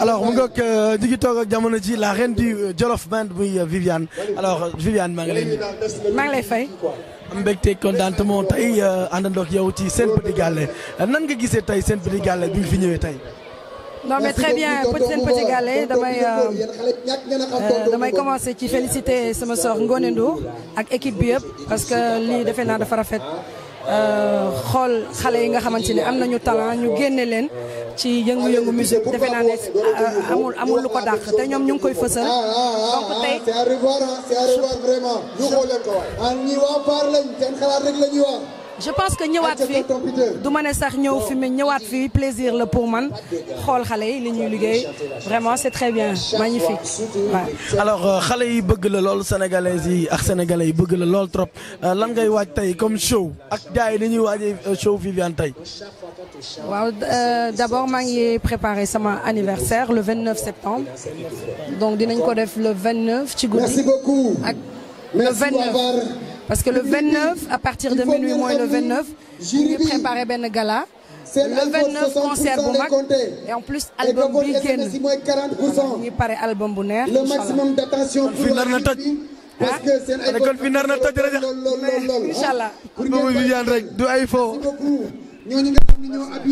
alors mu ngoog di euh, ak jamono ji la reine du euh, Jolof Band muy euh, Viviane alors Viviane maa ngi lay nuyu. maa ngi lay fay. am mbégte contentement tey àndandoo ak yow ci Sen Petit Gallé nan nga gisee tey Sen Petit Gallé bi fi ñëwee tey. non mais très bien Sen Petit Gallé damay damay commencer ci féliciter sama soeur Ngonendo Ndour ak équipe bi yëpp parce que lii defe naa dafa rafet. xool xale yi nga xamante ni am nañu talent ñu génne leen ci yëngu-yëngu musique defe naa ne amul amul lu ko dàq te ñoom ñu ngi koy fësal donc tey c'est arrivé c'est arrivé vraiment ñu xoolee ko waay ñi waa Paar lañ seen xalaat rek la ñuy wax je pense que ñëwaat fi du mané sax ñëw fi mais ñëwaat fi plaisir le pour man xol xalé yi li ñuy liggéey vraiment c'est très bien magnifique alors euh, xalé yi bëgg la lool sénégalais yi ak sénégalais yi bëgg la lool trop euh, lan ngay waaj tay comme show ak gars yi ni ñuy euh, show Vivian tay waaw d'abord maa ngi préparé sama anniversaire le 29 septembre donc dinañ ko def le 29 ci goudi merci beaucoup. ak le 29 parce que le 29 à partir de minuit moins le 29 il ngi préparé Ben gala. le 29 concert bu mag et en plus album weekend. Il paraît prépare album bu Le maximum d'attention pour le toj. parce hein? que c'est ay école bi nar na toj rajo. incha